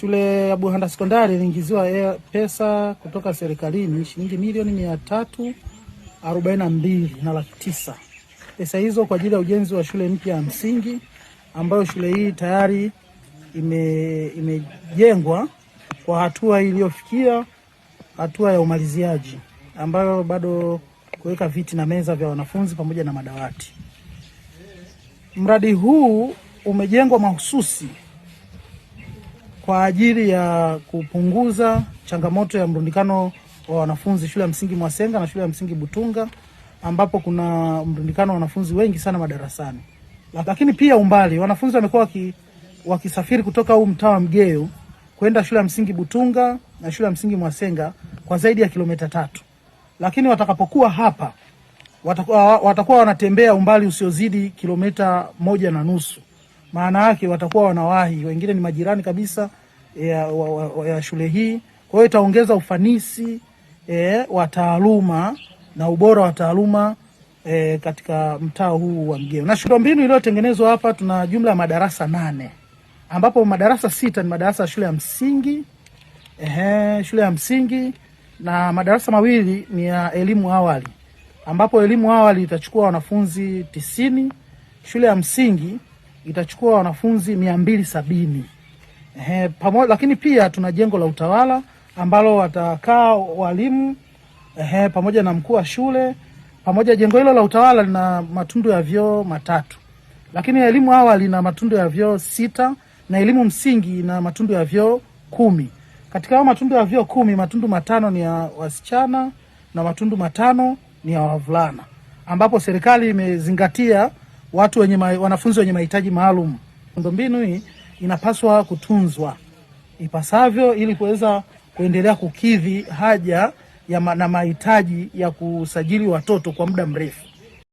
Shule ya Buhanda Sekondari iliingiziwa pesa kutoka serikalini shilingi milioni mia tatu arobaini na mbili na laki tisa. Pesa hizo kwa ajili ya ujenzi wa shule mpya ya msingi ambayo shule hii tayari ime, imejengwa kwa hatua iliyofikia hatua ya umaliziaji ambayo bado kuweka viti na meza vya wanafunzi pamoja na madawati. Mradi huu umejengwa mahususi kwa ajili ya kupunguza changamoto ya mrundikano wa wanafunzi shule ya msingi Mwasenga na shule ya msingi Butunga ambapo kuna mrundikano wa wanafunzi wengi sana madarasani. Lakini pia umbali, wanafunzi wamekuwa wakisafiri kutoka huu mtaa wa Mgeyo kwenda shule ya msingi Butunga na shule ya msingi Mwasenga kwa zaidi ya kilomita tatu, lakini watakapokuwa hapa watakuwa, watakuwa wanatembea umbali usiozidi kilomita moja na nusu maana yake watakuwa wanawahi, wengine ni majirani kabisa ya, wa, wa, ya shule hii. Kwa hiyo itaongeza ufanisi e, wa taaluma na ubora wa taaluma e, katika mtaa huu wa Mgeo. Na mbinu iliyotengenezwa hapa, tuna jumla ya madarasa nane ambapo madarasa sita ni madarasa ya shule ya msingi ehe, shule ya msingi na madarasa mawili ni ya elimu awali ambapo elimu awali itachukua wanafunzi tisini. Shule ya msingi itachukua wanafunzi mia mbili sabini ehe, pamo, Lakini pia tuna jengo la utawala ambalo watakaa walimu ehe, pamoja na mkuu wa shule pamoja. Jengo hilo la utawala lina matundu ya vyoo matatu, lakini elimu awali ina matundu ya vyoo sita na elimu msingi ina matundu ya vyoo kumi. Katika hayo matundu ya vyoo kumi, matundu matano ni ya wasichana na matundu matano ni ya wavulana, ambapo serikali imezingatia watu wenye ma, wanafunzi wenye mahitaji maalum. Miundombinu hii inapaswa kutunzwa ipasavyo ili kuweza kuendelea kukidhi haja ya ma, na mahitaji ya kusajili watoto kwa muda mrefu.